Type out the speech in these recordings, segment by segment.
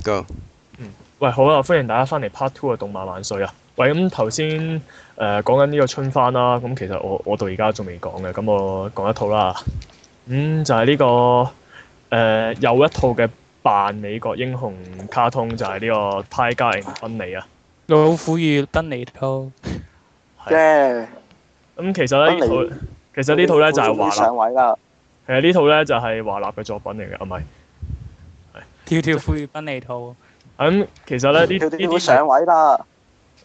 嗯，Go. 喂，好啊，歡迎大家翻嚟 Part Two 嘅動漫萬歲啊！喂，咁頭先誒講緊呢個春番啦、啊，咁其實我我到而家仲未講嘅，咁我講一套啦。咁、嗯、就係、是、呢、這個誒又、呃、一套嘅扮美國英雄卡通，就係、是、呢個泰迦賓尼啊。老虎與賓尼都係。咁其實咧其實呢套咧就係華納。上位啦。其實呢尼其實套咧尼就係華納嘅作品嚟嘅，阿、啊、係咪？跳跳灰鬢利套。咁其實咧呢啲啲上位啦、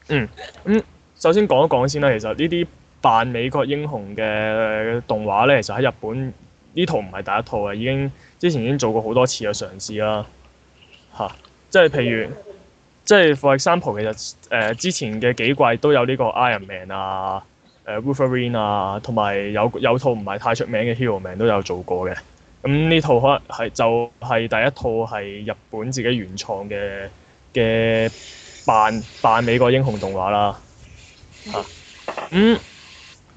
嗯。嗯，咁首先講一講先啦。其實呢啲扮美國英雄嘅、呃、動畫咧，其實喺日本呢套唔係第一套啊，已經之前已經做過好多次嘅嘗試啦。嚇、啊，即係譬如，即係 for example，其實誒、呃、之前嘅幾季都有呢個 Iron Man 啊，誒、呃、Wolverine 啊，同埋有有，有套唔係太出名嘅 Hero Man 都有做過嘅。咁呢、嗯、套可能係就係第一套係日本自己原創嘅嘅扮扮美國英雄動畫啦，嚇咁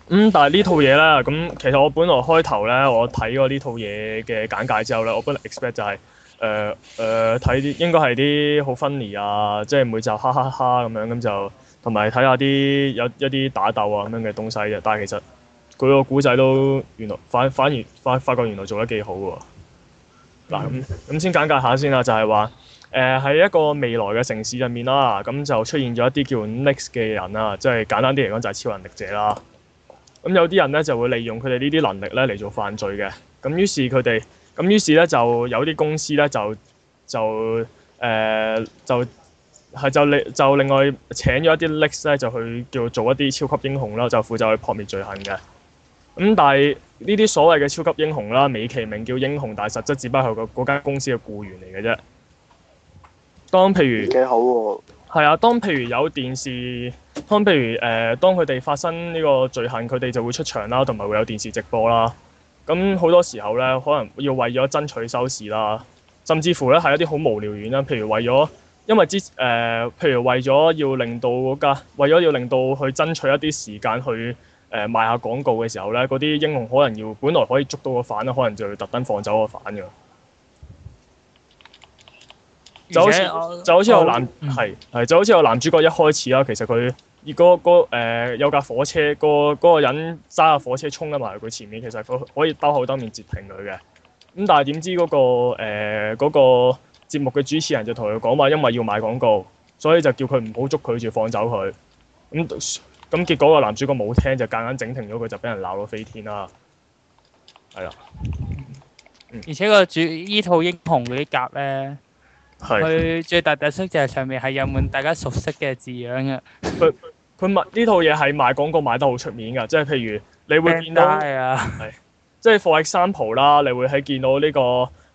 咁但係呢套嘢咧，咁其實我本來開頭咧，我睇過呢套嘢嘅簡介之後咧，我本來 expect 就係誒誒睇啲應該係啲好 funny 啊，即係每集哈哈哈咁樣，咁就同埋睇下啲有一啲打鬥啊，咁樣嘅東西嘅，但係其實～佢個古仔都原來反反而發發覺原來做得幾好喎。嗱咁咁先簡介下先啦，就係話誒喺一個未來嘅城市入面啦，咁、嗯、就出現咗一啲叫 Next 嘅人啊，即係簡單啲嚟講就係超能力者啦。咁、嗯、有啲人咧就會利用佢哋呢啲能力咧嚟做犯罪嘅。咁、嗯、於是佢哋咁於是咧就有啲公司咧就就誒、呃、就係就另就，就另外請咗一啲 Next 咧就去叫做一啲超級英雄啦，就負責去撲滅罪行嘅。咁但係呢啲所謂嘅超級英雄啦，美其名叫英雄，但實質只不過係嗰間公司嘅僱員嚟嘅啫。當譬如幾好係啊，當譬如有電視，可能譬如誒、呃，當佢哋發生呢個罪行，佢哋就會出場啦，同埋會有電視直播啦。咁好多時候呢，可能要為咗爭取收視啦，甚至乎呢，係一啲好無聊嘢啦。譬如為咗，因為之誒、呃，譬如為咗要令到嗰間，為咗要令到去爭取一啲時間去。誒、呃、賣下廣告嘅時候咧，嗰啲英雄可能要，本來可以捉到個反，可能就要特登放走個反㗎。就好似就好似有男，係係就好似有男主角一開始啦，其實佢，如果個有架火車，個嗰個人揸架火車衝緊埋佢前面，其實佢可以兜口兜面截停佢嘅。咁但係點知嗰、那個誒嗰、呃那個節目嘅主持人就同佢講話，因為要賣廣告，所以就叫佢唔好捉佢住，放走佢。咁結果個男主角冇聽，就間硬整停咗佢，就俾人鬧到飛天啦。係啊，嗯、而且個主依套英雄嗰啲甲咧，佢是最大特色就係上面係有滿大家熟悉嘅字樣嘅。佢佢呢套嘢係賣廣告賣得好出面㗎，即係譬如你會見到係即係 for example 啦，你會喺見到呢、這個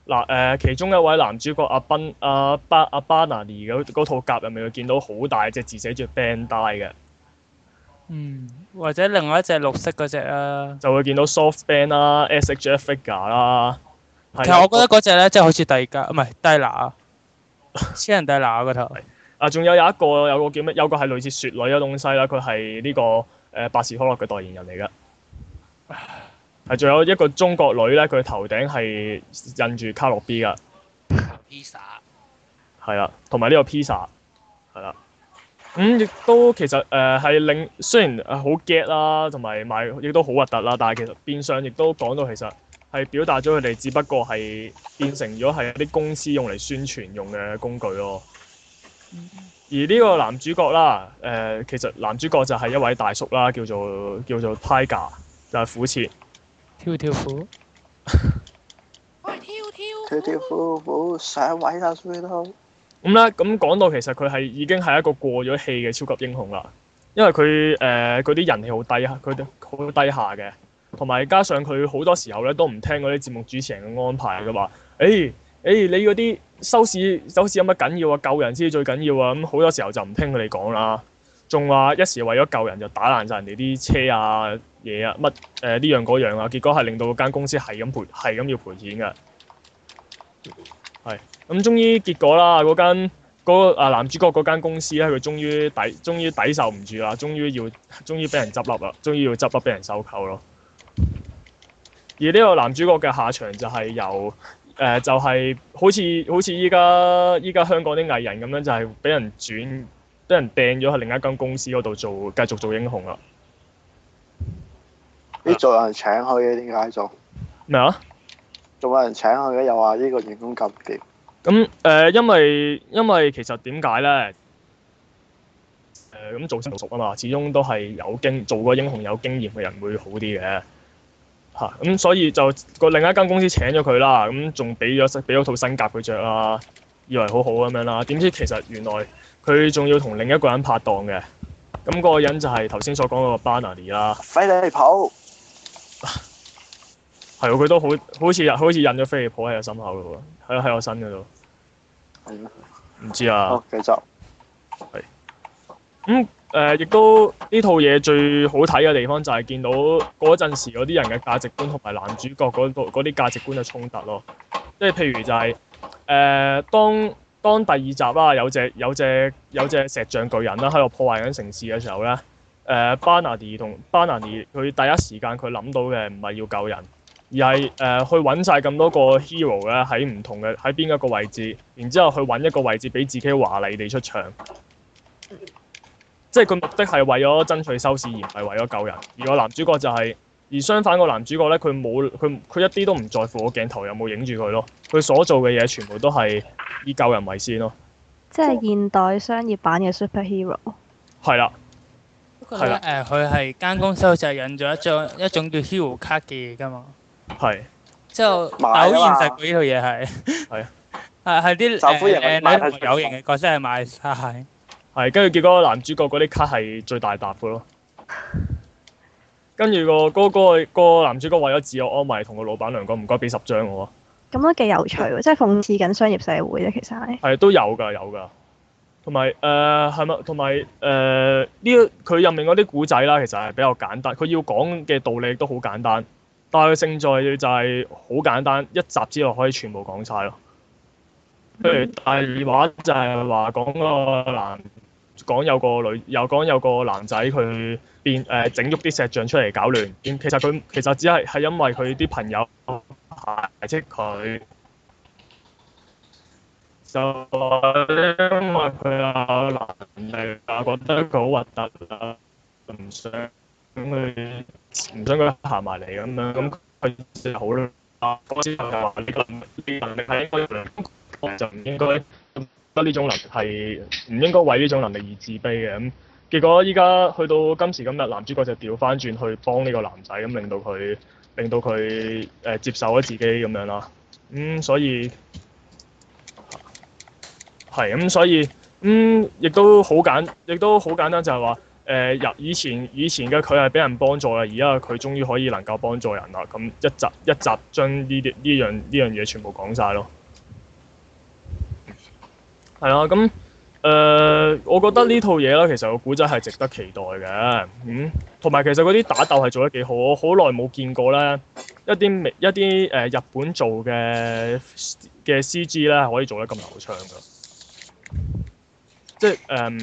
嗱誒其中一位男主角阿 Ben 阿巴阿巴拿尼嗰套甲入面，會見到好大隻字寫住 Bandai 嘅。嗯，或者另外一隻綠色嗰隻啊，就會見到 Soft Band 啦、S.H.Figer 啦。其實我覺得嗰隻咧，我那個、即係好似帝家，唔係帝娜啊，超人帝娜啊個頭。啊，仲有有一個有個叫咩，有個係類似雪女嘅東西啦，佢係呢個誒百事可樂嘅代言人嚟嘅。係，仲有一個中國女咧，佢頭頂係印住卡洛 B 噶。披薩 Pizza.。係啦，同埋呢個披薩，係啦。咁亦、嗯、都其實誒係令雖然好 get 啦，同埋賣亦都好核突啦，但係其實變相亦都講到其實係表達咗佢哋，只不過係變成咗係一啲公司用嚟宣傳用嘅工具咯。而呢個男主角啦，誒、呃、其實男主角就係一位大叔啦，叫做叫做 Tiger，就係虎徹，跳跳虎。 跳跳虎虎，甩尾啦 s u p e 咁咧，咁講到其實佢係已經係一個過咗氣嘅超級英雄啦，因為佢誒嗰啲人氣好低啊，佢好低下嘅，同埋加上佢好多時候咧都唔聽嗰啲節目主持人嘅安排佢話，誒誒、欸欸、你嗰啲收視收視有乜緊要啊？救人先至最緊要啊！咁好多時候就唔聽佢哋講啦，仲話一時為咗救人就打爛晒人哋啲車啊嘢啊乜誒呢樣嗰樣啊，結果係令到間公司係咁賠係咁要賠錢嘅，係。咁終於結果啦，嗰間嗰個啊男主角嗰間公司咧，佢終於抵，終於抵受唔住啦，終於要，終於俾人執笠啦，終於要執笠俾人收購咯。而呢個男主角嘅下場就係由誒、呃，就係、是、好似好似依家依家香港啲藝人咁樣，就係、是、俾人轉，俾人掟咗去另一間公司嗰度做，繼續做英雄啦。啲、啊、仲有人請佢嘅點解做？咩啊麼？仲有人請佢嘅？又話呢個員工咁掂？咁誒、呃，因為因為其實點解咧？誒、呃、咁做生做熟啊嘛，始終都係有經做過英雄有經驗嘅人會好啲嘅嚇。咁、啊、所以就個另一間公司請咗佢啦，咁仲俾咗俾咗套新甲佢着啦，以為好好咁樣啦，點知其實原來佢仲要同另一個人拍檔嘅。咁嗰個人就係頭先所講嗰個巴拿尼啦。菲利係，佢都好好似好似印咗飛利浦喺我心口嘅喎，喺喺我身嘅度，唔、嗯、知啊。哦，繼續係咁誒、亦、嗯呃、都呢套嘢最好睇嘅地方就係見到嗰陣時嗰啲人嘅價值觀同埋男主角嗰啲價值觀嘅衝突咯，即係譬如就係、是、誒、呃、當當第二集啦，有隻有隻有隻石像巨人啦喺度破壞緊城市嘅時候咧，誒、呃、班納迪同班納迪，佢第一時間佢諗到嘅唔係要救人。而係誒、呃、去揾晒咁多個 hero 咧，喺唔同嘅喺邊一個位置，然之後去揾一個位置俾自己華麗地出場。即係佢目的係為咗爭取收視，而唔係為咗救人。而個男主角就係、是、而相反個男主角咧，佢冇佢佢一啲都唔在乎個鏡頭有冇影住佢咯。佢所做嘅嘢全部都係以救人為先咯。即係現代商業版嘅 superhero。係啦、嗯，係啦誒，佢係間公司就係印咗一張一種叫 hero card 嘅嘢㗎嘛。係，之後好現實嘅呢套嘢係，係啊，係係啲仇富人嚟買有型嘅角色係買晒，係跟住結果男主角嗰啲卡係最大沓嘅咯。跟住個嗰個個男主角為咗自我安慰，同個老闆娘講唔該俾十張我。咁都幾有趣喎，即係諷刺緊商業社會咧，其實係。係都有噶，有噶，同埋誒係咪？同埋誒呢？佢入面嗰啲古仔啦，這個、其實係比較簡單，佢要講嘅道理都好簡單。但係佢勝在就係好簡單，一集之內可以全部講晒咯。譬、mm hmm. 如第二話就係話講個男，講有個女，又講有個男仔佢變誒整咗啲石像出嚟搞亂。其實佢其實只係係因為佢啲朋友排斥佢，就因為佢有能力，覺得佢好核突啦，唔想。咁佢唔想佢行埋嚟咁樣，咁佢就好啦。咁我之後就話呢個能力係應該，就唔應該得呢種能，係唔應該為呢種能力而自卑嘅。咁結果依家去到今時今日，男主角就調翻轉去幫呢個男仔，咁令到佢令到佢誒接受咗自己咁樣啦。咁所以係咁，所以咁、嗯、亦都好簡，亦都好簡，簡單就，就係話。誒，入以前以前嘅佢係俾人幫助嘅，而家佢終於可以能夠幫助人啦。咁一集一集將呢啲呢樣呢樣嘢全部講晒咯。係啊。咁誒、呃，我覺得呢套嘢咧，其實個古仔係值得期待嘅。嗯，同埋其實嗰啲打鬥係做得幾好。我好耐冇見過咧，一啲一啲誒，日本做嘅嘅 CG 咧，可以做得咁流暢噶，即係誒。呃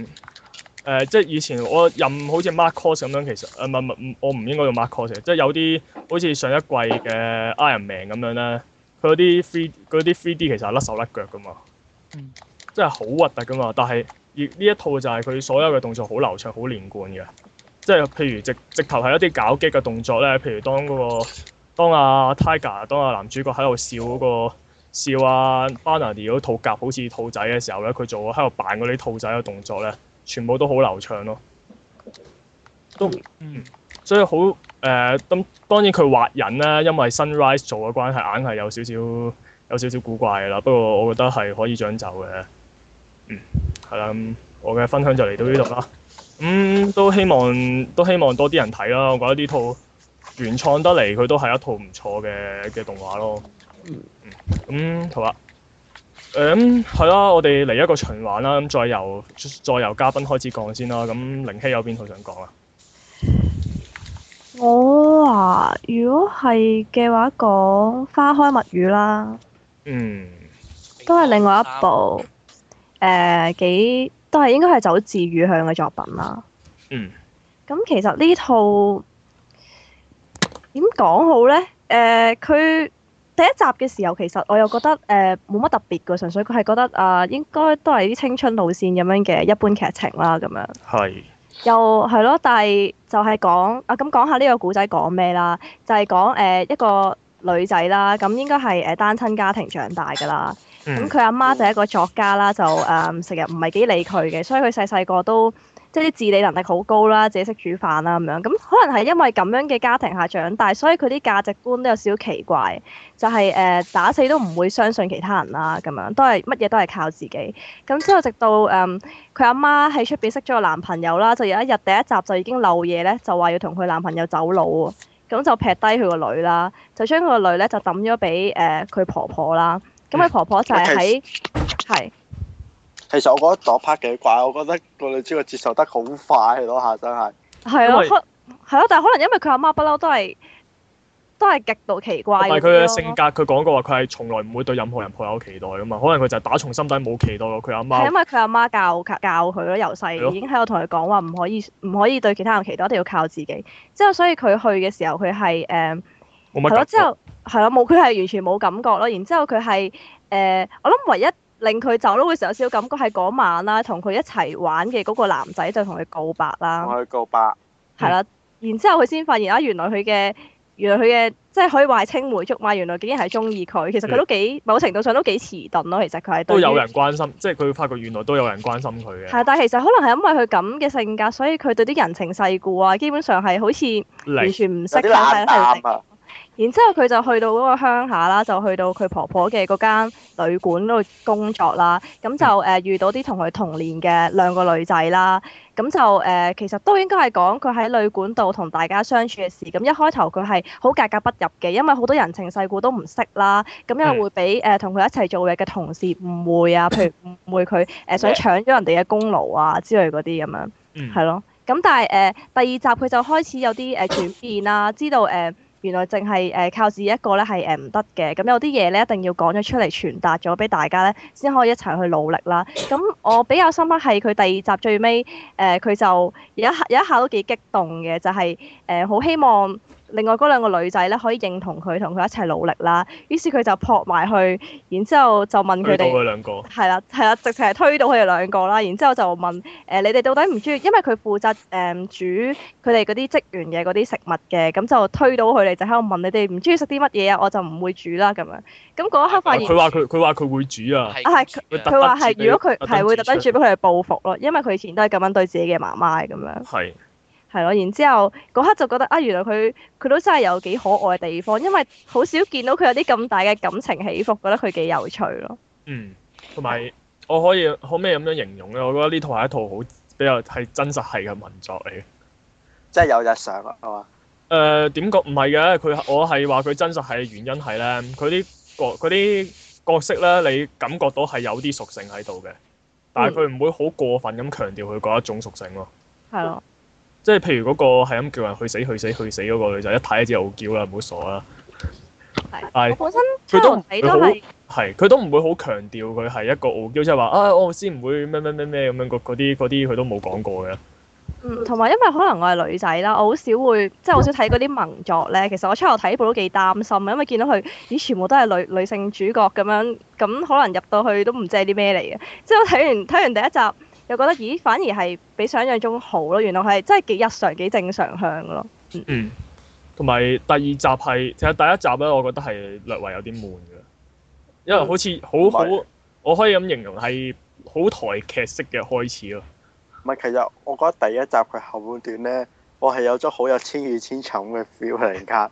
誒、呃，即係以前我任好似 Mark Cross 咁樣，其實誒唔唔唔，我唔應該用 Mark Cross 嘅，即係有啲好似上一季嘅 Iron Man 咁樣咧，佢嗰啲 three 啲 three D 其實係甩手甩腳噶嘛，嗯，真係好核突噶嘛。但係而呢一套就係佢所有嘅動作好流暢、好連貫嘅，即係譬如直直頭係一啲搞擊嘅動作咧。譬如當嗰、那個當阿、啊、Tiger，當阿、啊、男主角喺度笑嗰、那個笑阿、啊、Barnaby 嗰套甲，好似兔仔嘅時候咧，佢做喺度扮嗰啲兔仔嘅動作咧。全部都好流暢咯，都嗯，所以好誒，咁當然佢畫人咧，因為 Sunrise 做嘅關係，硬係有少少有少少古怪嘅啦。不過我覺得係可以將就嘅，嗯，係啦。咁我嘅分享就嚟到呢度啦。咁、嗯、都希望都希望多啲人睇啦。我覺得呢套原創得嚟，佢都係一套唔錯嘅嘅動畫咯。嗯，咁好啦。誒咁係啦，我哋嚟一個循環啦，咁再由再由嘉賓開始講先啦。咁凌希有邊套想講啊？我話、哦啊、如果係嘅話，講《花開物語》啦。嗯。都係另外一部誒幾、啊呃、都係應該係走治癒向嘅作品啦。嗯。咁其實呢套點講好咧？誒、呃、佢。第一集嘅時候，其實我又覺得誒冇乜特別噶，純粹佢係覺得啊，應該都係啲青春路線咁樣嘅一般劇情啦，咁樣。係。又係咯，但係就係講啊，咁講下呢個古仔講咩啦？就係講誒一個女仔啦，咁應該係誒單親家庭長大噶啦。咁佢阿媽就係一個作家啦，就誒成日唔係幾理佢嘅，所以佢細細個都。即係啲自理能力好高啦，自己識煮飯啦咁樣，咁可能係因為咁樣嘅家庭下長大，所以佢啲價值觀都有少少奇怪，就係、是、誒、呃、打死都唔會相信其他人啦，咁樣都係乜嘢都係靠自己。咁之後直到誒佢阿媽喺出邊識咗個男朋友啦，就有一日第一集就已經漏嘢咧，就話要同佢男朋友走佬喎，咁就劈低佢個女啦，就將佢個女咧就抌咗俾誒佢婆婆啦。咁佢婆婆就係喺係。 其實我覺得嗰 part 幾怪，我覺得個女主角接受得好快，嗰下真係係啊，係咯為、啊，但係可能因為佢阿媽不嬲都係都係極度奇怪，但係佢嘅性格，佢講、啊、過話，佢係從來唔會對任何人抱有期待噶嘛，可能佢就係打從心底冇期待咯。佢阿媽因為佢阿媽教教佢咯，由細已經喺度同佢講話唔可以唔可以對其他人期待，一定要靠自己。之後所以佢去嘅時候，佢係誒係咯，之後係咯冇，佢係、啊、完全冇感覺咯。然之後佢係誒，我諗唯一。令佢走咯，會成有少少感覺喺嗰晚啦，同佢一齊玩嘅嗰個男仔就同佢告白啦。同佢告白。係啦的，嗯、然之後佢先發現啊，原來佢嘅，原來佢嘅，即係可以話係青梅竹馬，原來竟然係中意佢。其實佢都幾，嗯、某程度上都幾遲鈍咯。其實佢係都有人關心，即係佢發覺原來都有人關心佢嘅。係，但係其實可能係因為佢咁嘅性格，所以佢對啲人情世故啊，基本上係好似完全唔識來啊，係然之後，佢就去到嗰個鄉下啦，就去到佢婆婆嘅嗰間旅館度工作啦。咁就誒、呃、遇到啲同佢同年嘅兩個女仔啦。咁就誒、呃，其實都應該係講佢喺旅館度同大家相處嘅事。咁一開頭佢係好格格不入嘅，因為好多人情世故都唔識啦。咁又會俾誒同佢一齊做嘢嘅同事誤會啊，譬如誤會佢誒、呃、想搶咗人哋嘅功勞啊之類嗰啲咁樣。嗯。係咯。咁但係誒、呃、第二集佢就開始有啲誒轉變啦，知道誒。呃原來淨係誒靠自己一個咧係誒唔得嘅，咁有啲嘢咧一定要講咗出嚟傳達咗俾大家咧，先可以一齊去努力啦。咁我比較深刻係佢第二集最尾誒，佢就有有一下都幾激動嘅，就係誒好希望。另外嗰兩個女仔咧可以認同佢同佢一齊努力啦，於是佢就撲埋去，然之後就問佢哋。推到佢兩個。係啦，係啦，直情係推到佢哋兩個啦，然之後就問誒你哋到底唔中意，因為佢負責誒煮佢哋嗰啲職員嘅嗰啲食物嘅，咁就推到佢哋就喺度問你哋唔中意食啲乜嘢啊，我就唔會煮啦咁樣。咁嗰一刻發現。佢話佢佢話佢會煮啊。係。佢話係如果佢係會特登煮俾佢哋報復咯，因為佢以前都係咁樣對自己嘅媽媽咁樣。係。係咯，然之後嗰刻就覺得啊，原來佢佢都真係有幾可愛嘅地方，因為好少見到佢有啲咁大嘅感情起伏，覺得佢幾有趣咯。嗯，同埋我可以可唔可以咁樣形容咧？我覺得呢套係一套好比較係真實係嘅文作嚟嘅，即係有日常啊嘛。誒點講唔係嘅？佢我係話佢真實係嘅原因係咧，佢啲角啲角色咧，你感覺到係有啲屬性喺度嘅，但係佢唔會好過分咁強調佢嗰一種屬性咯。係咯、嗯。即係譬如嗰個係咁叫人去死去死去死嗰個女仔，一睇就知道傲嬌啦，唔好傻啦。係的。是我本身。佢都睇都係。佢都唔會好強調佢係一個傲嬌，即係話啊，我先唔會咩咩咩咩咁樣嗰啲啲，佢都冇講過嘅。同埋、嗯、因為可能我係女仔啦，我好少會即係好少睇嗰啲萌作咧。其實我初頭睇部都幾擔心嘅，因為見到佢咦全部都係女女性主角咁樣，咁可能入到去都唔知係啲咩嚟嘅。即係睇完睇完第一集，又覺得咦，反而係比想像中好咯！原來係真係幾日常、幾正常向咯、嗯。嗯，同埋第二集係其實第一集咧，我覺得係略為有啲悶嘅，因為好似好、嗯、好，我可以咁形容係好台劇式嘅開始咯。唔係，其實我覺得第一集佢後半段咧，我係有咗好有千與千尋嘅 feel 嚟噶。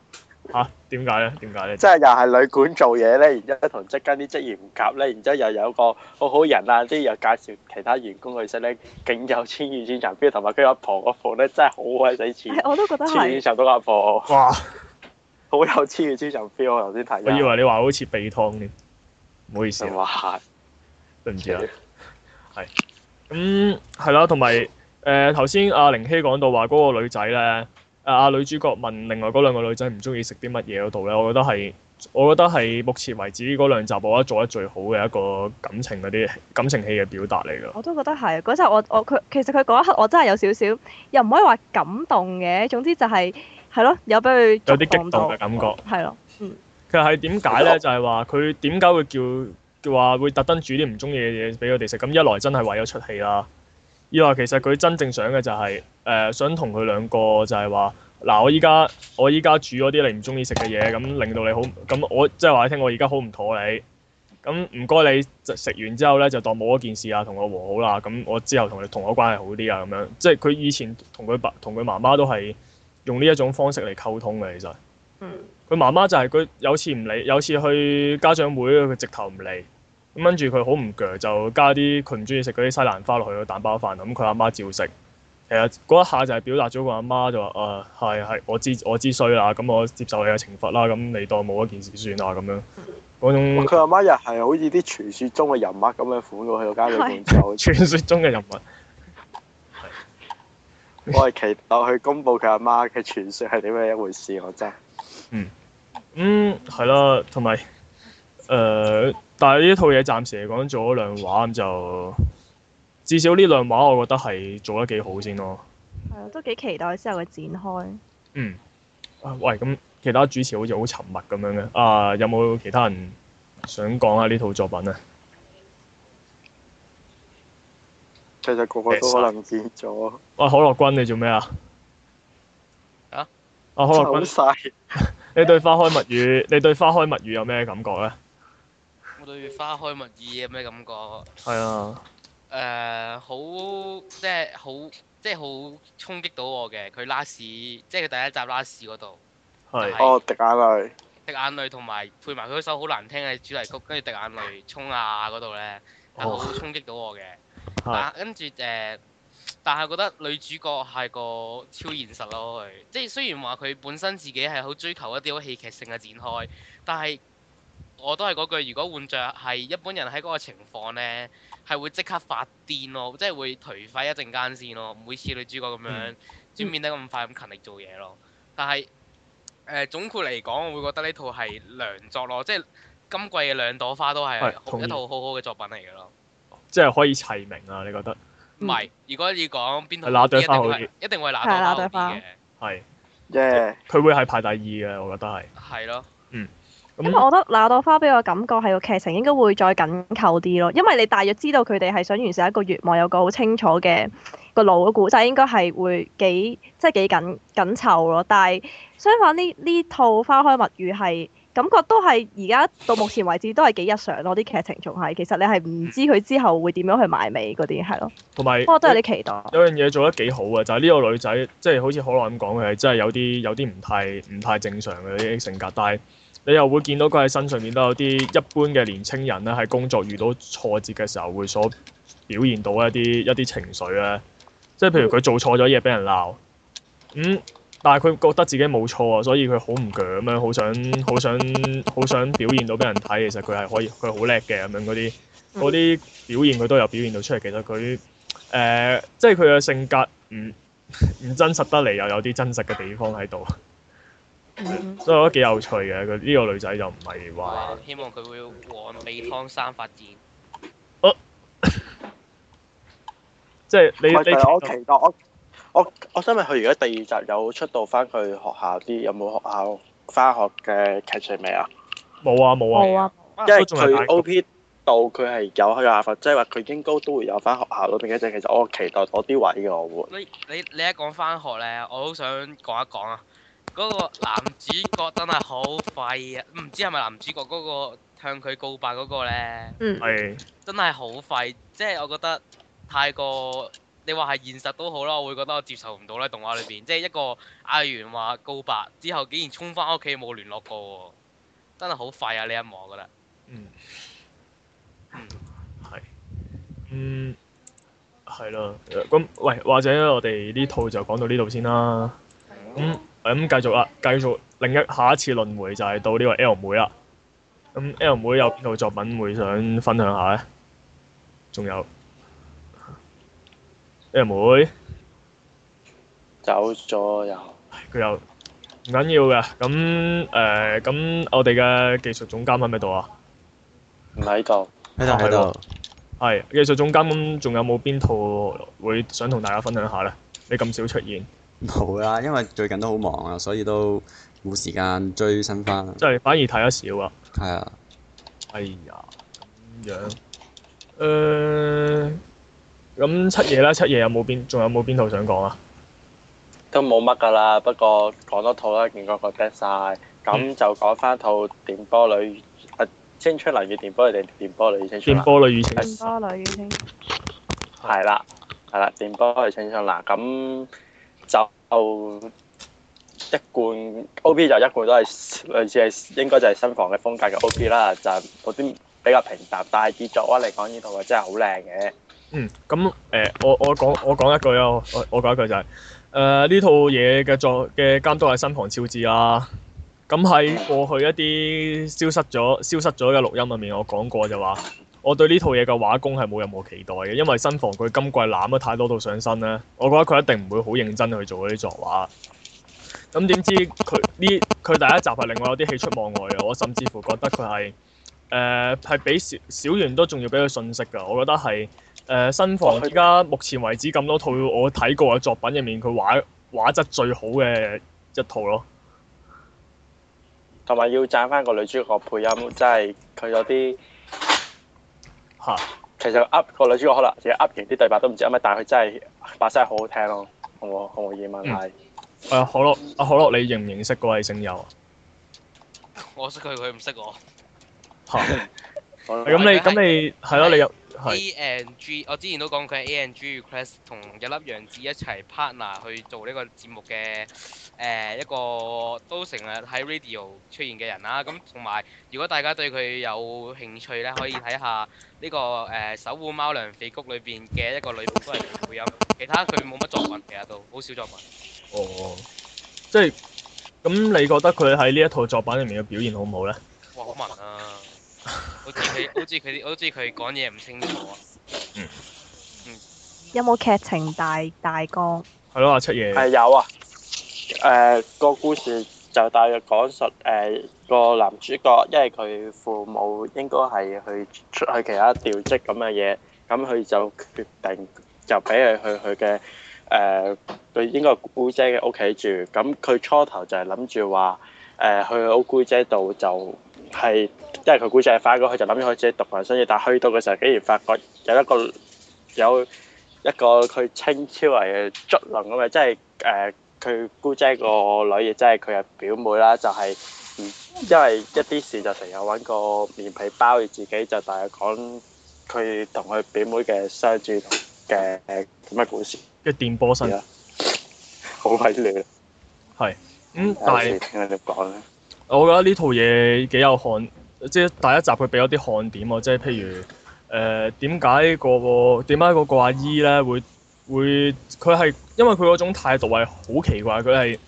吓？點解咧？點解咧？即係又係旅館做嘢咧，然之後同即跟啲職員唔夾咧，然之後又有個好好人啊，即係又介紹其他員工去食咧，勁有千與千尋 feel。同埋佢阿婆個房咧，真係好鬼死錢。我都覺得千與千尋個阿婆。哇！好有千與千尋 feel，我頭先睇。我以為你話好似鼻湯添，唔好意思。唔係，對唔住啊，係咁係啦。同埋誒，頭先阿玲希講到話嗰個女仔咧。啊、呃！女主角問另外嗰兩個女仔唔中意食啲乜嘢嗰度咧，我覺得係，我覺得係目前為止嗰兩集我覺得做得最好嘅一個感情啲感情戲嘅表達嚟咯。我都覺得係，嗰陣我我佢其實佢嗰一刻我真係有少少又唔可以話感動嘅，總之就係、係、係咯，有俾佢有啲激動嘅感覺係咯，嗯。其實係點解咧？就係話佢點解會叫話會特登煮啲唔中意嘅嘢俾佢哋食？咁一來真係為咗出戲啦。要話其實佢真正想嘅就係、是、誒、呃、想同佢兩個就係話嗱我依家我依家煮嗰啲你唔中意食嘅嘢，咁令到你好咁我即係話你聽，我而家好唔妥你，咁唔該你食完之後咧就當冇一件事啊，同我和好啦，咁我之後同你同我關係好啲啊咁樣，即係佢以前同佢爸同佢媽媽都係用呢一種方式嚟溝通嘅其實，佢媽媽就係、是、佢有次唔理，有次去家長會佢直頭唔理。咁跟住佢好唔鋸，就加啲佢唔中意食嗰啲西蘭花落去個蛋包飯。咁佢阿媽照食。其實嗰一下就係表達咗個阿媽，媽就話：「啊，係，係，我知我知衰啦，咁我，我接受你嘅懲罰啦，咁你當冇一件事算啦，咁樣，嗰種佢阿媽又係好似啲傳說中嘅人物咁樣款，款㗎，佢個家境就傳說中嘅人物。 我係期待去公布佢阿媽嘅傳說係點樣一回事，我真。係嗯。嗯，係、嗯、啦，同埋，誒。呃但係呢套嘢暫時嚟講做咗兩話咁就，至少呢兩話我覺得係做得幾好先咯。係啊，都幾期待之後嘅展開。嗯、呃。喂，咁其他主持好似好沉默咁樣嘅。啊，有冇其他人想講下呢套作品啊？其實個個都可能見咗。喂、呃，可樂君你做咩啊？啊？啊可樂君。了 你對《花開物語》 你對《花開物語》有咩感覺咧？對花開物語有咩感覺？係啊 Yeah.、uh,，誒，好即係好即係好衝擊到我嘅。佢 last，即係佢第一集 last 嗰度，係哦，滴眼淚，滴眼淚，同埋配埋佢首好難聽嘅主題曲，跟住滴眼淚，衝啊嗰度咧，係好衝擊到我嘅。但跟住誒、呃，但係覺得女主角係個超現實咯，佢即係雖然話佢本身自己係好追求一啲好戲劇性嘅展開，但係。我都係嗰句，如果換着，係一般人喺嗰個情況咧，係會即刻發癲咯，即係會頹廢一陣間先咯，唔會似女主角咁樣、嗯嗯、轉變得咁快咁勤力做嘢咯。但係誒、呃、總括嚟講，我會覺得呢套係良作咯，即係今季嘅兩朵花都係一套好好嘅作品嚟嘅咯。即係、就係、可以齊名啊？你覺得？唔係、嗯，如果你講邊度，一定會一定會兩朵花，係即係佢會係排第二嘅，我覺得係。係咯。咁我覺得《那朵花》俾我感覺係個劇情應該會再緊扣啲咯，因為你大約知道佢哋係想完成一個願望，有個好清楚嘅個老嘅故仔應該係會幾即係幾緊緊湊咯。但係相反呢，呢套《花開物語》係感覺都係而家到目前為止都係幾日常咯，啲劇情仲係其實你係唔知佢之後會點樣去埋尾嗰啲係咯，同埋不過都係啲期待有樣嘢做得幾好嘅就係、是、呢個女仔即係好似可樂咁講，佢係真係有啲有啲唔太唔太正常嘅啲性格，但係。你又會見到佢喺身上面都有啲一般嘅年青人咧，喺工作遇到挫折嘅時候會所表現到一啲一啲情緒咧，即係譬如佢做錯咗嘢俾人鬧，咁、嗯、但係佢覺得自己冇錯啊，所以佢好唔鋸咁樣，好想好想好想，想表現到俾人睇，其實佢係可以佢好叻嘅咁樣，嗰啲啲表現佢都有表現到出嚟，其實佢誒、呃、即係佢嘅性格唔唔、嗯、 真實得嚟，又有啲真實嘅地方喺度。所以我覺得幾有趣嘅，呢個女仔就唔係話希望佢會往美康山發展。即係你，我期待我我我想問佢而家第二集有出到翻去學校啲有冇學校翻學嘅劇情未啊？冇啊冇啊，啊因為佢 O P 度，佢係有去亞弗，即係話佢應該都會有翻學校裏邊嘅，即其實我期待嗰啲位嘅我會。你你一講翻學咧，我好想講一講啊！嗰 個男主角真係好廢啊！唔知係咪男主角嗰個向佢告白嗰個呢？嗯。係。真係好廢，即係我覺得太過。你話係現實都好啦，我會覺得我接受唔到呢。動畫裏邊，即係一個阿元話告白之後，竟然衝返屋企冇聯絡過，真係好廢啊！呢一幕我覺得。嗯，嗯 。嗯。係。嗯。係咯，咁喂，或者我哋呢套就講到呢度先啦。咁、嗯。咁繼續啦，繼續另一下一次輪迴就係到呢個 L 妹啦。咁 L 妹有邊套作品會想分享下咧？仲有 L 妹走咗又佢又唔緊要嘅。咁誒咁，呃、我哋嘅技術總監喺咪度啊？唔喺度，喺度喺度係技術總監。咁仲有冇邊套會想同大家分享下咧？你咁少出現。冇啦，因為最近都好忙啊，所以都冇時間追新番。即係反而睇得少啊。係啊。哎呀，咁樣。誒，咁七夜啦，七夜有冇邊？仲有冇邊套想講啊？都冇乜噶啦，不過講多套啦，見過個得晒，咁就講翻套電波女，誒、啊、青春男女電波女定電波女青春？電波女與青春。電波女與青春。係啦，係啦，電波係青春嗱咁。就一貫 OP 就一貫都係類似係應該就係新房嘅風格嘅 OP 啦，就嗰啲比較平淡，但係結作我嚟講呢套係真係好靚嘅。嗯，咁誒、呃，我我講我講一句咯，我我講一句就係誒呢套嘢嘅作嘅監督係新房昭之啦、啊。咁喺過去一啲消失咗消失咗嘅錄音入面，我講過就話。我對呢套嘢嘅畫功係冇任何期待嘅，因為新房佢今季攬咗太多套上身咧，我覺得佢一定唔會好認真去做嗰啲作畫。咁點知佢呢？佢第一集係令我有啲喜出望外嘅，我甚至乎覺得佢係誒係比小小圓都仲要俾佢遜色噶。我覺得係誒新房依家，目前為止咁多套我睇過嘅作品入面，佢畫畫質最好嘅一套咯。同埋要讚翻個女主角配音，真係佢有啲。啊！其實 up 個女主角可能其實 up 完啲對白都唔知啊，但係佢真係把聲係好好聽咯，好唔好問下？誒，可樂，阿可樂，你認唔認識嗰位姓尤啊？我識佢，佢唔識我。嚇！咁你咁你係咯？你有 A N G，我之前都講佢係 A N G，Chris 同一粒楊子一齊 partner 去做呢個節目嘅。誒一個都成日喺 radio 出現嘅人啦，啊，咁同埋如果大家對佢有興趣咧，可以睇下呢，呢個誒，呃《守護貓娘緋鞠》裏邊嘅一個女僕配角配音，其他佢冇乜作品，其實都好少作品。哦，即係咁，你覺得佢喺呢一套作品入面嘅表現好唔好咧？哇，好文啊！好似佢，好似佢，好似佢講嘢唔清楚。嗯。嗯，有冇劇情大大綱？係咯，七爺。係，啊，有啊。有啊誒、呃那個故事就大約講述誒、呃那個男主角，因為佢父母應該係去出去其他調職咁嘅嘢，咁佢就決定就俾佢去佢嘅誒佢應該姑姐嘅屋企住。咁佢初頭就係諗住話誒去佢姑姐度就係、是，因為佢姑姐係法官，佢就諗住佢自己讀法律先。但係去到嘅時候，竟然發覺有一個有一個佢稱超為卒能咁嘅，即係誒。呃佢姑姐個女亦即係佢嘅表妹啦，就係、是，因為一啲事就成日揾個面皮包住自己，就大約講佢同佢表妹嘅相處嘅咩故事？嘅電波聲啊， 好鬼亂啊！係咁，嗯、但係是聽你哋講咧我覺得呢套嘢幾有看，即、就、係、是、第一集佢俾咗啲看點喎，即、就、係、是、譬如誒點解個個點解個阿姨咧會會佢係？因為佢嗰種態度係好奇怪，佢係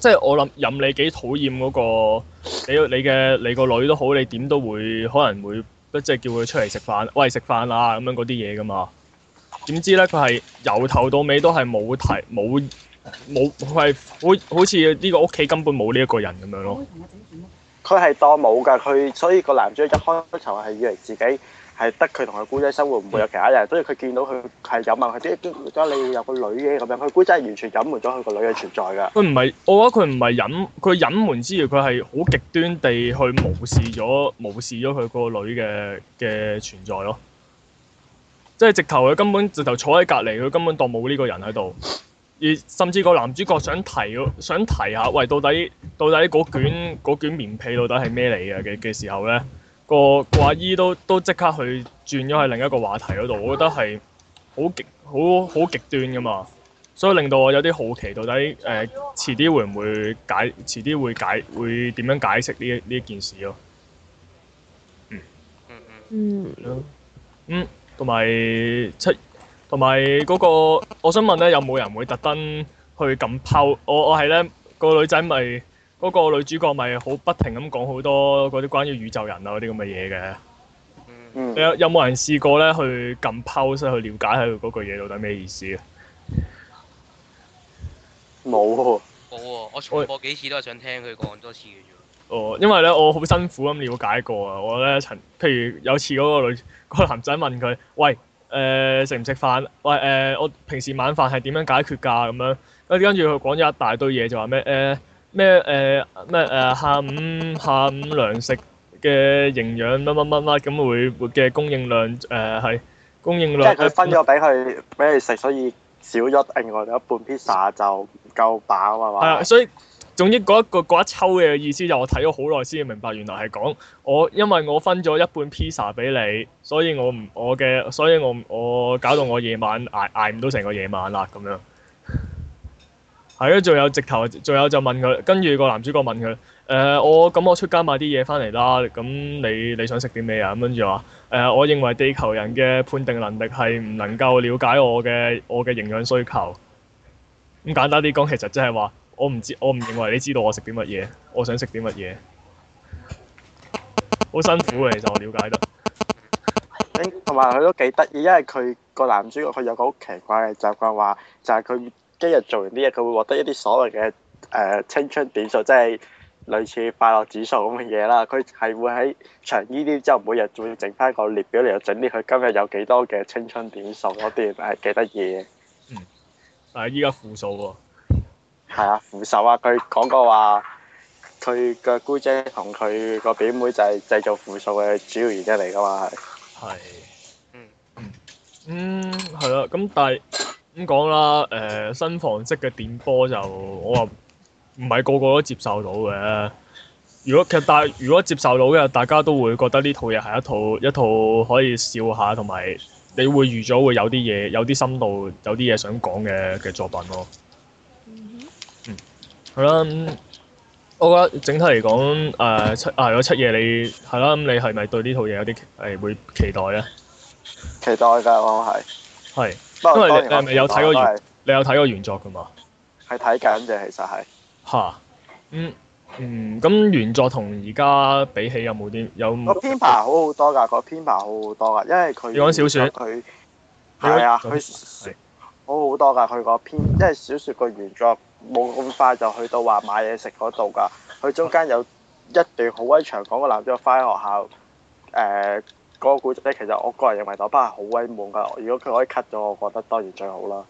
即係我諗任你幾討厭嗰個你你嘅你個女都好，你點都會可能會即係叫佢出嚟食飯，喂食飯啦咁樣嗰啲嘢噶嘛？點知咧佢係由頭到尾都係冇提冇冇，佢係好好似呢個屋企根本冇呢一個人咁樣咯。佢係當冇㗎，佢所以個男主一開頭係以為自己。係得佢同佢姑仔生活，唔會有其他人。所以佢見到佢係隱瞞佢啲，點解你要有個女嘅咁樣？佢姑仔係完全隱瞞咗佢個女嘅存在㗎。佢唔係，我覺得佢唔係隱，佢隱瞞之餘，佢係好極端地去無視咗、無視咗佢個女嘅嘅存在咯。即係直頭佢根本直頭坐喺隔籬，佢根本當冇呢個人喺度。而甚至個男主角想提，想提下，喂，到底到底嗰卷嗰卷棉被到底係咩嚟嘅嘅時候咧？個個阿姨都都即刻去轉咗去另一個話題嗰度，我覺得係好極好好極端㗎嘛，所以令到我有啲好奇，到底誒遲啲會唔會解，遲啲會解會點樣解釋呢呢件事咯、啊？嗯嗯嗯嗯，同埋七同埋嗰個，我想問咧，有冇人會特登去咁拋？我我係咧、嗰個女仔咪、就是。嗰個女主角咪好不停咁講好多嗰啲關於宇宙人啊嗰啲咁嘅嘢嘅。嗯。有有冇人試過咧去撳 pose 去了解下佢嗰句嘢到底咩意思啊？冇。冇喎，我我我幾次都係想聽佢講多次嘅啫。哦，因為咧我好辛苦咁了解過啊，我咧曾譬如有次嗰個女嗰個男仔問佢，喂，誒食唔食飯？喂，誒、呃、我平時晚飯係點樣解決㗎？咁樣，跟住佢講咗一大堆嘢，就話咩誒？呃咩誒咩誒下午下午糧食嘅營養乜乜乜乜咁會嘅供應量，誒，係供應量，呃、應量即係佢分咗俾佢俾你食，所以少咗另外一半 pizza 就唔夠飽啊嘛。係啊，所以總之嗰、那、一個一抽嘅意思就我睇咗好耐先明白，原來係講我因為我分咗一半 pizza 俾你，所以我唔我嘅，所以我我搞到我夜晚捱捱唔到成個夜晚啦咁樣。係啊，仲有直頭，仲有就問佢，跟住個男主角問佢，誒、呃，我咁我出街買啲嘢翻嚟啦，咁你你想食啲咩啊？咁跟住話，誒、呃，我認為地球人嘅判定能力係唔能夠了解我嘅我嘅營養需求。咁簡單啲講，其實即係話，我唔知，我唔認為你知道我食啲乜嘢，我想食啲乜嘢。好辛苦嘅，其實我瞭解得。誒，同埋佢都幾得意，因為佢個男主角佢有個好奇怪嘅習慣，話就係、是、佢。今日做完啲嘢，佢會獲得一啲所謂嘅誒、呃、青春點數，即係類似快樂指數咁嘅嘢啦。佢係會喺長呢啲之後，每日仲要整翻個列表嚟，又整啲佢今日有幾多嘅青春點數嗰啲，係幾得意嘅。嗯，但係依家負數喎、哦。係啊，負數啊！佢講過話，佢個姑姐同佢個表妹就係製造負數嘅主要原因嚟噶嘛。係。嗯嗯嗯，係啦、啊。咁但係。咁講啦，誒、嗯呃、新房式嘅電波就我話唔係個個都接受到嘅。如果其實但如果接受到嘅，大家都會覺得呢套嘢係一套一套可以笑下，同埋你會預咗會有啲嘢、有啲深度有、有啲嘢想講嘅嘅作品咯。嗯，嗯，啦、嗯嗯。我覺得整體嚟講，誒、呃、七啊七夜、嗯嗯、是是有七嘢你係啦。咁你係咪對呢套嘢有啲係會期待咧？期待㗎，我係。係。因為你係咪有睇過原？是你有睇過原作㗎嘛？係睇緊嘅。其實係。吓，嗯嗯，咁原作同而家比起有冇啲有？個編排好好多㗎，個編排好好多㗎，因為佢。你講小說？佢係啊，佢好好多㗎。佢個編，因為小說個原作冇咁快就去到話買嘢食嗰度㗎。佢中間有一段好鬼長，講個男主角翻學校誒。嗰個故事咧，其實我個人認為，豆包係好威猛噶。如果佢可以 cut 咗，我覺得當然最好啦。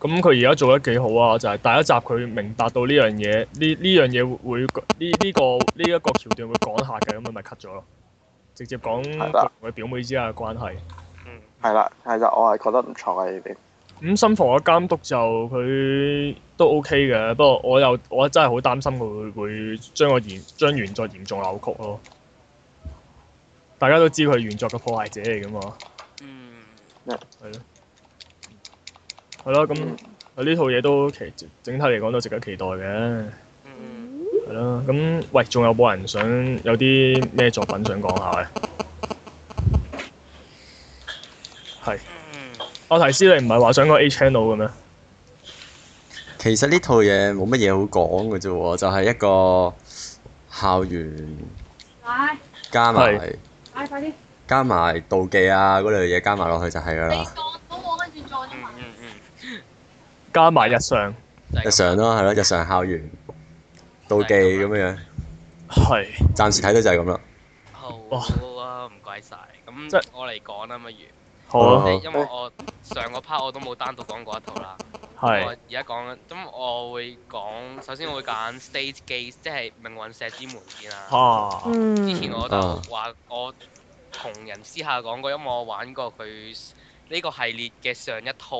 咁佢而家做得幾好啊？就係、是、第一集佢明白到呢樣嘢，呢呢樣嘢會呢呢、 呢個呢一、呢個橋段會講下嘅，咁咪咪 cut 咗咯。直接講佢表妹之間嘅關係。嗯，係啦，係就我係覺得唔錯嘅呢啲。咁新房嘅監督就佢都 OK 嘅，不過我又我真係好擔心佢會將個嚴將原作嚴重扭曲咯。大家都知佢係原作嘅破壞者嚟㗎嘛？嗯，係咯的，係咯、嗯。咁呢套嘢都其實整體嚟講都值得期待嘅。嗯，係咯。咁喂，仲有冇人想有啲咩作品想講下嘅？係、嗯。我提示你唔係話想講《A Channel》嘅咩？其實呢套嘢冇乜嘢好講㗎啫喎，就係、是、一個校園加埋、嗯。快啲！加埋妒忌啊，嗰類嘢加埋落去就係㗎啦。嗯嗯。加埋日常，日常咯，係咯，日常校園，妒忌咁樣。係是。暫時睇到就係咁啦。好啊，唔該晒。咁我嚟講啦，乜如、啊。好啊，因為我上個 part 我都冇單獨講過一套啦。我而家講緊，咁我會講，首先我會揀《Steins;Gate》，即係《命運石之門》先啦、啊。之前我就話我同人私下講過，因為我玩過佢呢個系列嘅上一套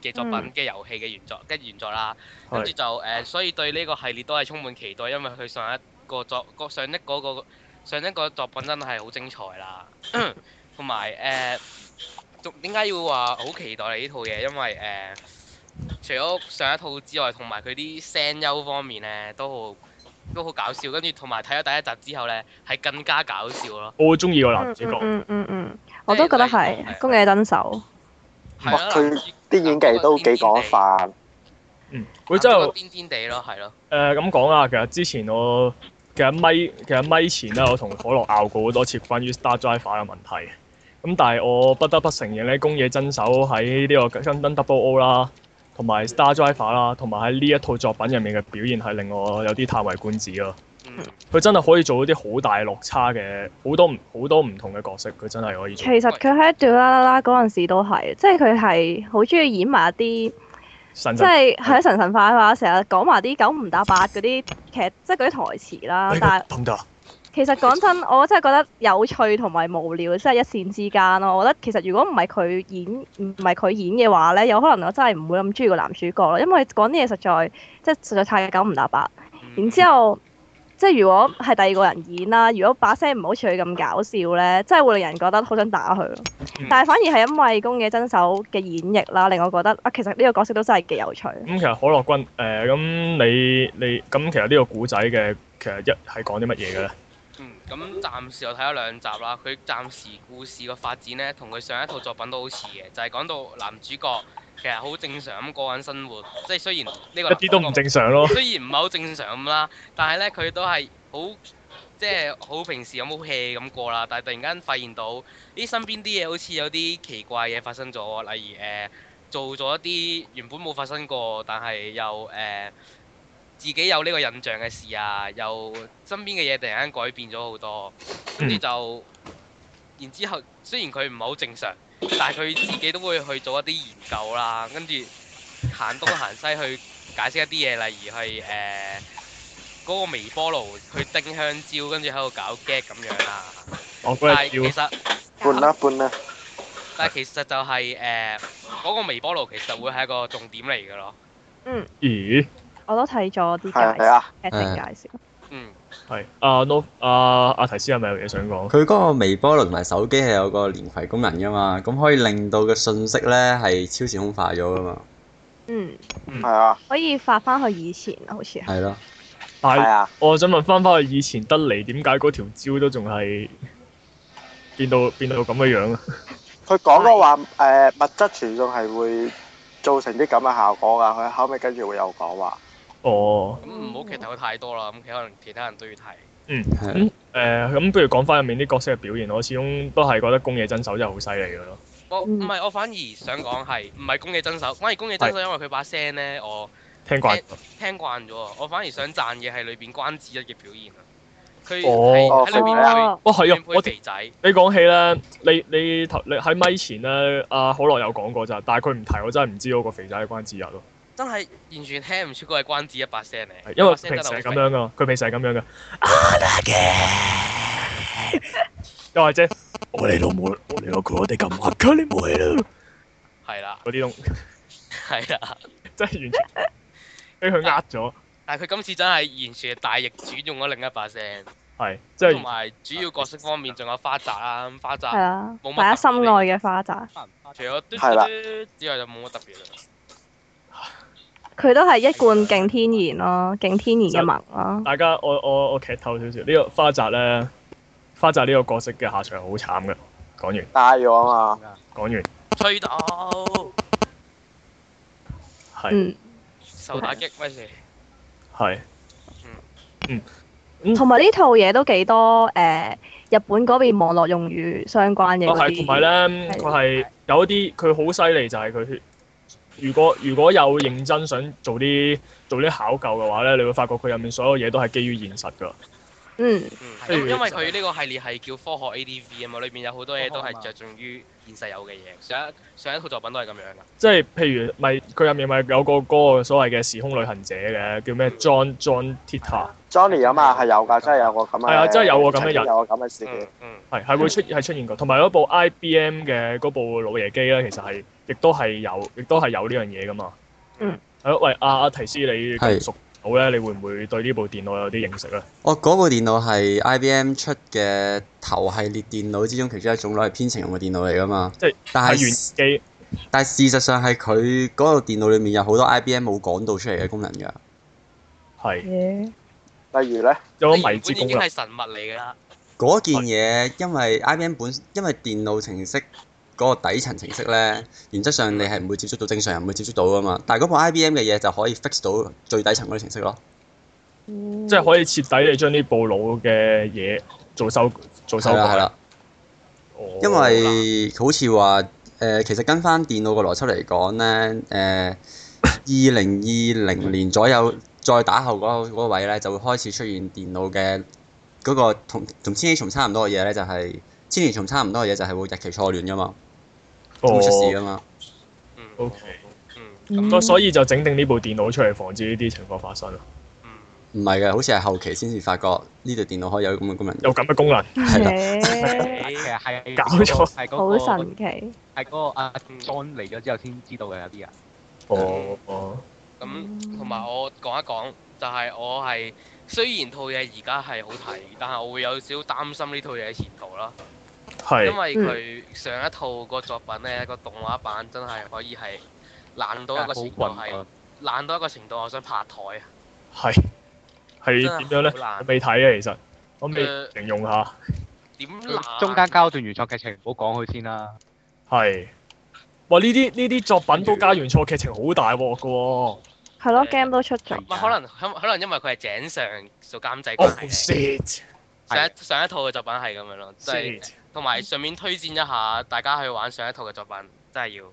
嘅作品嘅遊戲嘅原作跟、嗯、原作啦，跟住是就誒，uh, 所以對呢個系列都係充滿期待，因為佢上一個作個上一個、嗰個、上一個作品真係好精彩啦。同埋誒，點、uh, 解要話好期待你呢套嘢？因為誒。Uh, 除咗上一套之外，同埋佢啲聲優方面咧都好都好搞笑，跟住同埋睇咗第一集之後咧，係更加搞笑咯。我好中意個男主角。嗯嗯嗯，我都覺得係。宮野真守。哇，佢啲演技都幾廣泛。嗯。佢真係癲癲地咯，係咯。誒，咁講啊，其實之前我其實咪其實咪前咧，我同可樂拗過好多次關於 Star Driver 嘅問題。咁但係我不得不承認咧，宮野真守喺呢個新登 Double O 啦。同埋 Star Driver 啦，同埋喺呢一套作品入面嘅表現係令我有啲歎為觀止咯。佢真係可以做一啲好大落差嘅，好多好多唔同嘅角色，佢真係可以做。其實佢喺度啦啦啦嗰陣時都係，即係佢係好中意演埋一啲，即係喺神神化化，成日講埋啲九唔搭八嗰啲劇，即係嗰啲台詞啦。但係得唔得呀？其實講真，我真係覺得有趣同埋無聊，即係一線之間咯。我覺得其實如果唔係佢演唔唔係佢演嘅話咧，有可能我真係唔會咁中意個男主角咯。因為講啲嘢實在即係實在太九唔搭八。嗯、然之後即係如果係第二個人演啦，如果把聲唔好似佢咁搞笑咧，真係會令人覺得好想打佢。嗯、但係反而係因為宮野真守嘅演繹啦，令我覺得啊，其實呢個角色都真係幾有趣。咁、嗯、其實可樂君誒咁、呃、你你咁其實呢個故仔嘅其實一係講啲乜嘢嘅咧？咁暫時又睇咗兩集啦，佢暫時故事個發展呢，同佢上一套作品都好似嘅，就係、是、講到男主角其實好正常咁過緊生活，即係雖然呢個、那個、一啲都唔正常咯，雖然唔係好正常咁啦，但係呢，佢都係好即係好平時有冇 hea 咁過啦，但係突然間發現到呢身邊啲嘢好似有啲奇怪嘢發生咗，例如誒、呃、做咗一啲原本冇發生過，但係又誒。呃自己有呢個印象嘅事啊，又身邊嘅嘢突然間改變咗好多，跟住就，然之後雖然佢唔係好正常，但係佢自己都會去做一啲研究啦，跟住行東行西去解釋一啲嘢，例如係誒嗰個微波爐去叮香蕉，跟住喺度搞 get 咁樣啦、啊。但係其實，半啦半啦。但係其實就係誒嗰個微波爐，其實會係一個重點嚟嘅咯。嗯。咦、呃？我都睇咗啲介紹，一定介紹，啊啊、嗯，係，啊、uh,，No，uh, 啊，阿提斯係咪有嘢想講？佢嗰個微波爐同埋手機係有個連係功能㗎嘛，咁可以令到個信息咧係超時空化咗㗎嘛嗯，嗯，係啊，可以發翻去以前，好似係，係咯、啊，啊、但係，我想問翻翻去以前得嚟，點解嗰條蕉都仲係變到變到咁嘅樣啊？佢講嘅話，誒、呃，物質傳送係會造成啲咁嘅效果㗎，佢後尾跟住會有講話。哦，咁唔好劇透佢太多啦。咁佢可能其他人都要睇。嗯，咁誒咁，不如講翻入面啲角色嘅表現。我始終都係覺得宮野真守真係好犀利嘅咯。我唔係，我反而想講係，唔係宮野真守，反而宮野真守因為佢把聲咧，我聽聽慣咗。我反而想讚嘅係裏邊關智一嘅表現啊。哦哦哦哦。哦係啊，我肥仔。你講起咧，你你頭你喺咪前咧，阿可樂有講過咋，但係佢唔提，我真係唔知嗰個肥仔係關智一咯。真係完全聽唔出嗰個關子一把聲嚟，因為平時係咁樣噶，佢平時係咁樣噶。Again，又話即係我哋都冇，我哋都佢，我哋咁啊，佢你冇嚟啦。係啦，嗰啲都係啊，真係完全俾佢呃咗。但係佢今次真係完全大逆轉，用咗另一把聲。係，即係同埋主要角色方面仲有花澤啦，花澤啦，第一心愛嘅花澤。除咗端珠之外，就冇乜特別啦。佢都係一貫勁天然咯，勁的天然嘅萌咯。大家我我我劇透少少，呢、這個花澤咧，花澤呢個角色嘅下場好慘㗎，講完。die 咗啊嘛。講完。吹到。係是。嗯、受打擊，喂是。係。嗯。嗯。同埋呢套嘢都幾多誒？日本嗰邊網絡用語相關嘅嗰啲係，同埋咧，佢係有，有一啲，佢好犀利，就係佢。如果如果有認真想做啲做啲考究嘅話咧，你會發覺佢入面所有嘢都係基於現實㗎。嗯，咁因為佢呢個系列係叫科學 A D V 啊嘛，裏邊有好多嘢都係着重於現實有嘅嘢，上一上一套作品都係咁樣噶。即係譬如，咪佢入面咪有個嗰所謂嘅時空旅行者嘅，叫咩 John John Titor Johnny 啊嘛係有噶，真係有個咁啊。係啊，真係有個咁嘅人，有個咁嘅事件，係係會出係出現過，同埋嗰部 I B M 嘅嗰部老爺機咧，其實係亦都係有，亦都係有呢樣嘢噶嘛。嗯，喂阿阿提斯你熟？好咧，你會唔會對呢部電腦有啲認識咧？我嗰、哦、部電腦係 IBM 出嘅頭系列電腦之中其中一種類係編程用嘅電腦嚟噶嘛？即係但係，但係事實上係佢嗰部電腦裏面有好多 IBM 冇講到出嚟嘅功能噶。係是，Yeah. 例如咧，有個迷之功能係神物嚟噶。嗰件嘢因為 IBM 本因為電腦程式。嗰個底層程式咧，原則上你係唔會接觸到正常人，唔會接觸到噶嘛。但係嗰部 IBM 嘅嘢就可以 fix 到最底層嗰啲程式咯，即係可以徹底你將啲部腦嘅嘢做收，做收，補。係啦、哦、因為好似話誒，其實跟翻電腦嘅邏輯嚟講咧，誒二零二零年左右 再打後嗰嗰、那個、位咧，就會開始出現電腦嘅嗰個同同千禧蟲差唔多嘅嘢咧，就係、是、千年蟲差唔多嘅嘢就係會日期錯亂噶嘛。哦、會出事啊嘛！嗯，OK，咁、嗯嗯、所以就整定呢部電腦出嚟，防止呢啲情況發生。嗯，唔係嘅，好似係後期先至發覺呢台電腦可以有咁嘅功能。有咁嘅功能，係啦 Okay, 係啊，係搞錯，係嗰個好神奇。係嗰、嗰個阿 John 嚟咗之後先知道嘅有啲人。哦哦。咁同埋我講一講，就係、係、我係雖然套嘢而家係好睇，但係我會有少少擔心呢套嘢嘅前途啦。因為佢上一套個作品咧，個動畫版真係可以係爛到一個程度，係爛到一個程度，我想拍台啊。係係點樣咧？我未睇啊，其實我未形容下。點？中間加段原作劇情，唔好講佢先啦。係哇！呢啲呢啲作品都加原創劇情，好大鑊噶。係咯，game 都出咗。可能可能因為佢係井上做監製關係。上上一套嘅作品係咁樣咯，即係同埋順便推薦一下大家去玩上一套嘅作品，真係要。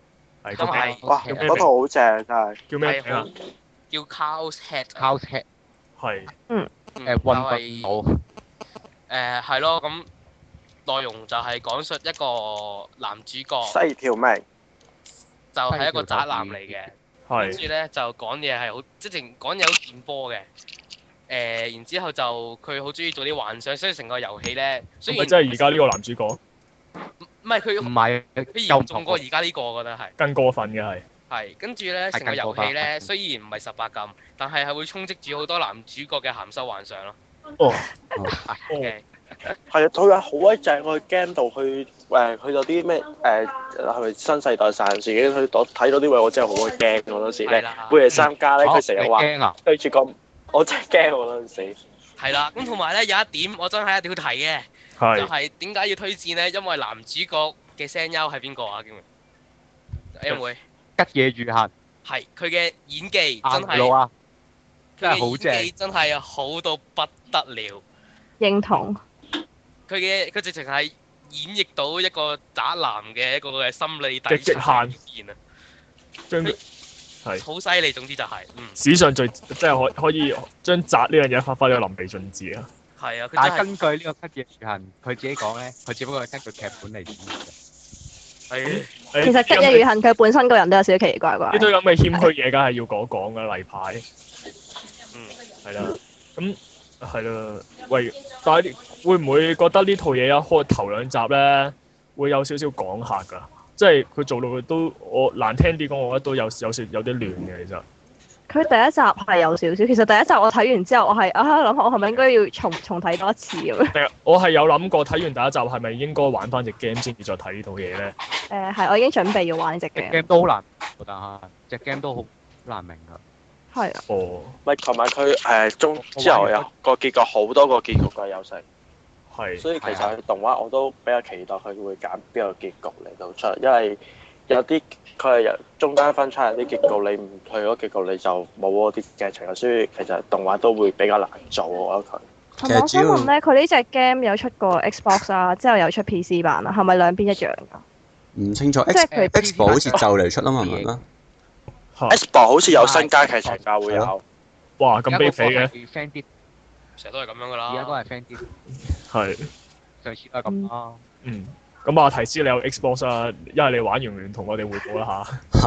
咁係哇，嗰套好正，真係叫咩名叫《Chaos Head》。Chaos Head。係誒，誒混誒係咯，咁內容就係講述一個男主角。西條咩？就係一個宅男嚟嘅。係。跟住咧就講嘢係好，即係講嘢好電波嘅。誒，然之後就佢好中意做啲幻想，所以成個遊戲咧，雖然唔係真係而家呢個男主角，唔係佢，唔係又同個而家呢個我覺得係，更過分嘅係，係跟住咧成個遊戲咧，雖然唔係十八禁，但係係會充斥住好多男主角嘅鹹濕幻想咯。哦，OK，係啊，佢有好鬼正，我去 game 度去誒去到啲咩誒係咪新世代殺人事件？佢睇到啲位我真係好鬼驚，嗰陣時咧半夜三更咧，佢成日話對住個。我真係驚我啦死！係啦，咁同埋咧有一點我真係一定要提嘅，是就係點解要推薦呢？因為男主角嘅聲優係邊個啊？阿杰梅吉野裕行係，佢嘅演技真係，佢係好正，真係好到不得了。認同。佢嘅佢直情係演繹到一個渣男嘅一個嘅心理底線。好犀利，總之就係、是，嗯、史上最即係可可以將宅呢樣嘢發揮到淋漓盡致啊！係啊，但係根據呢個吉野裕行佢自己講咧，佢只不過係根據劇本嚟演嘅。係 其實吉野裕行佢本身個人都有少少奇怪啩。呢堆咁嘅謙虛嘢，梗係對要講講嘅，例牌。嗯，係啦，咁係咯，喂，但係會唔會覺得呢套嘢一開頭兩集咧會有少少講客噶？即係佢做到佢都，我難聽啲講，我覺得都有有少有啲亂嘅，其實。佢第一集係有少少，其實第一集我睇完之後，我係啊諗下，我係咪應該要重重睇多一次？咁我係有諗過睇完第一集係咪應該玩翻隻 game 先，至再睇呢套嘢咧。誒係，我已經準備要玩隻 game。game 都難。我等下隻 game 都好難明㗎。係啊。哦。咪同埋佢誒中之後有個結局好多個結局嘅優勢。係，所以其實動畫我都比較期待佢會揀邊個結局嚟到出，因為有啲佢係由中間分出有啲結局，你唔去嗰結局你就冇嗰啲劇情，所以其實動畫都會比較難做，我覺得佢。其實我想問咧，佢呢隻 game 有出過 Xbox 啊，之後有出 PC 版啊，係咪兩邊一樣㗎、啊？唔清楚，即係佢 Xbox 好似就嚟出啊？嘛、oh，係咪啊？Xbox 好似有新加劇情㗎、oh, 的會有，哇咁悲劇嘅。成日都係咁樣噶啦，而家都係 friend 啲，係上次都係咁啦。嗯。咁我提示你有 Xbox 啊，因為你玩完同我哋匯報一下。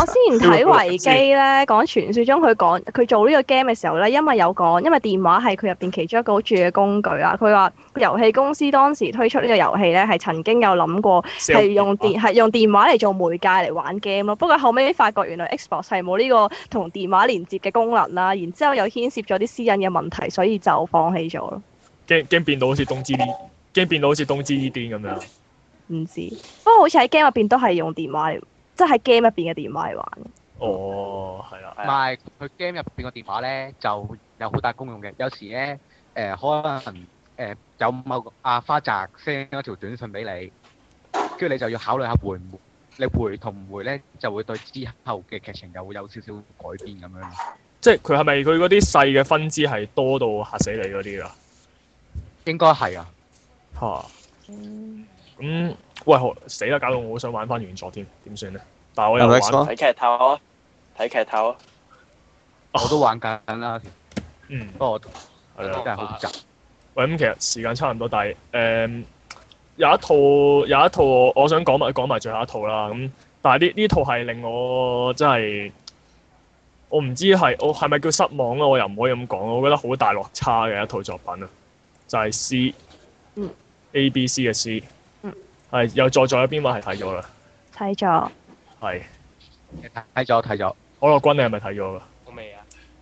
我之前睇《維基》咧講傳説中佢講佢做呢個 game 嘅時候咧，因為有講因為電話係佢入邊其中一個好重要嘅工具啊。佢話遊戲公司當時推出呢個遊戲咧，係曾經有諗過係用電係機用電話嚟做媒介嚟玩 game 咯。不過後尾發覺原來 Xbox 係冇呢個同電話連接嘅功能啦。然之後又牽涉咗啲私隱嘅問題，所以就放棄咗咯。驚驚變到好似東芝啲。驚 Game 變到好似東之呢端咁樣，唔知，不過好似喺 game 入邊都係用電話，即係喺 game 入邊嘅電話嚟玩。哦，係啊，同埋佢 game 入邊嘅電話咧就有好大功用嘅，有時咧誒、呃、可能誒、呃、有某個阿、啊、花澤 send 一條短信俾你，跟住你就要考慮下回唔回。你回同唔回咧，就會對之後嘅劇情又會有少少改變咁樣。即係佢係咪佢嗰啲細嘅分支係多到嚇死你嗰啲啊？應該係啊。吓，咁、嗯嗯、喂，死啦！搞到我好想玩翻原作添，點算呢？但係我又睇劇透啊，睇劇透啊，我都玩緊啦。嗯，不過我真係好複雜。的喂，咁其實時間差唔多，但係誒、嗯，有一套有一套，我想講埋講埋最後一套啦。咁，但係呢呢套係令我真係，我唔知係我係咪叫失望咯？我又唔可以咁講，我覺得好大落差嘅一套作品啊，就係、是、C。嗯 A、B、C 嘅 C，嗯，係又再再有邊位係睇咗啦，睇咗，係，睇咗睇咗。我阿君你係咪睇咗噶？我未啊。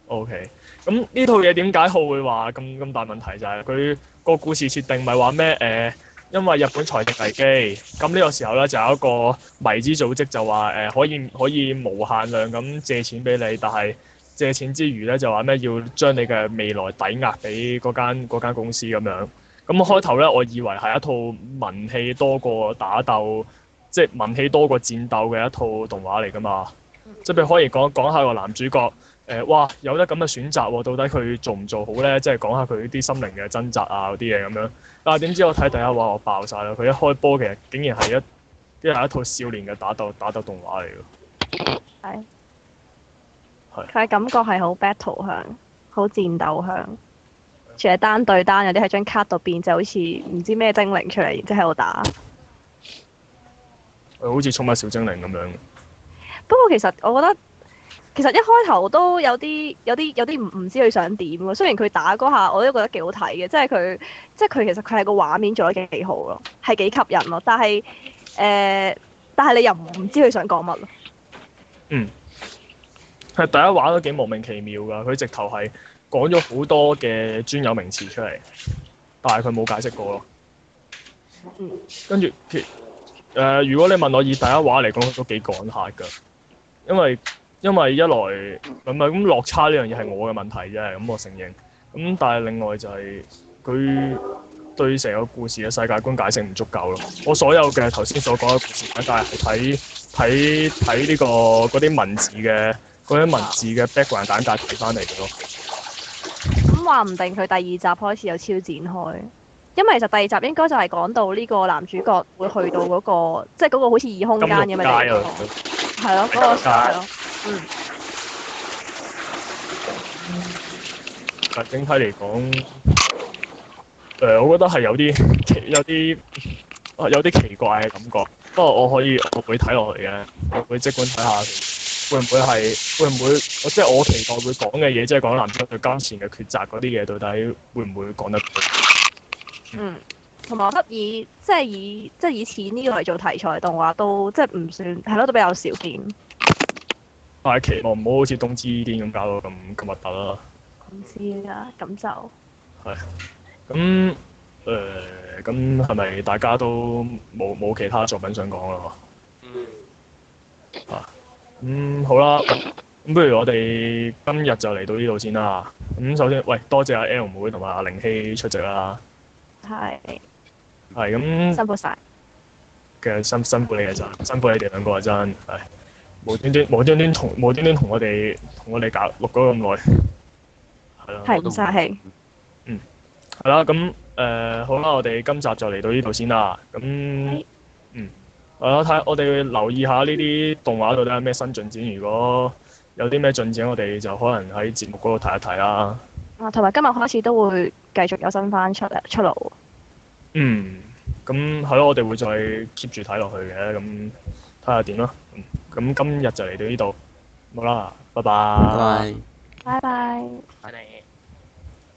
O.K.，咁呢套嘢點解佢會話咁咁大問題就係、是、佢個故事設定咪話咩？誒、呃，因為日本財政危機，咁呢個時候咧就有一個謎之組織就話誒、呃、可以可以無限量咁借錢俾你，但係借錢之餘咧就話咩要將你嘅未來抵押俾嗰間間公司咁樣。咁開頭咧，我以為係一套文戲多過打鬥，即係文戲多過戰鬥嘅一套動畫嚟噶嘛。即係譬如可以講講下個男主角，誒、呃，哇，有得咁嘅選擇喎，到底佢做唔做好呢？即係講下佢啲心靈嘅掙扎啊嗰啲嘢咁樣。但係點知我睇第一話我爆晒啦，佢一開波其實竟然係一，即係一,一套少年嘅打鬥打鬥動畫嚟嘅。係。係。佢嘅感覺係好 battle 向，好戰鬥向。仲係單對單，有啲喺張卡度變，就好似唔知咩精靈出嚟，然之後喺度打， 好似寵物小精靈咁樣。不過其實我覺得，其實一開頭都有啲有啲有啲唔唔知佢想點。雖然佢打嗰下我都覺得幾好睇嘅，即係佢即係佢其實佢係個畫面做得幾好咯，係幾吸引咯。但係誒、呃，但係你又唔唔知佢想講乜咯？嗯，係第一話都幾莫名其妙噶，佢直頭係。講咗好多嘅專有名詞出嚟，但係佢冇解釋過咯。跟住其誒，如果你問我以第一話嚟講都幾趕下㗎，因為因為一來唔係咁落差呢樣嘢係我嘅問題啫，咁我承認。咁、嗯、但係另外就係、是、佢對成個故事嘅世界觀解釋唔足夠咯。我所有嘅頭先所講嘅故事，但係睇睇睇呢個嗰啲文字嘅嗰啲文字嘅 background 簡介睇翻嚟嘅咯。話唔定佢第二集開始有超展開，因為其實第二集應該就係講到呢個男主角會去到嗰個，即係嗰個好似異空間咁樣嘅，係咯，嗰個咯，的的嗯。但整體嚟講，誒、呃，我覺得係有啲奇， 有啲有啲奇怪嘅感覺。不過我可以，我會睇落去嘅，我會即管睇下。會唔會係？會唔會？即係我期待會講嘅嘢，即係講男生對金錢嘅抉擇嗰啲嘢，到底會唔會講得？嗯，同埋我覺得以即係以即係以錢呢個嚟做題材動畫，都即係唔算係咯，是是都比較少見。但係期望唔好好似東芝呢啲咁搞到咁咁核突啦。東芝啊，咁就係咁誒，咁係咪大家都冇冇其他作品想講啦？嗯。啊！嗯，好啦，咁、嗯、不如我哋今日就嚟到呢度先啦。咁、嗯、首先，喂，多謝阿 L 妹同埋阿玲希出席啦。係是。係咁。辛苦晒。其實辛辛苦你啊，真辛苦你哋兩個啊，真係無端端無端端同無端端同我哋同我哋搞錄咗咁耐。係。係咁的，晒氣、呃？嗯。係啦，咁誒好啦，我哋今集就嚟到呢度先啦。咁。嗯。係咯，睇、啊、我哋留意下呢啲動畫到底有咩新進展。如果有啲咩進展，我哋就可能喺節目嗰度睇一睇啦。啊，同埋、啊、今日開始都會繼續有新番出出爐、嗯。嗯，咁係咯，我哋會再 keep 住睇落去嘅，咁睇下點啦。咁今日就嚟到呢度，好啦，拜拜。拜拜。拜拜。你。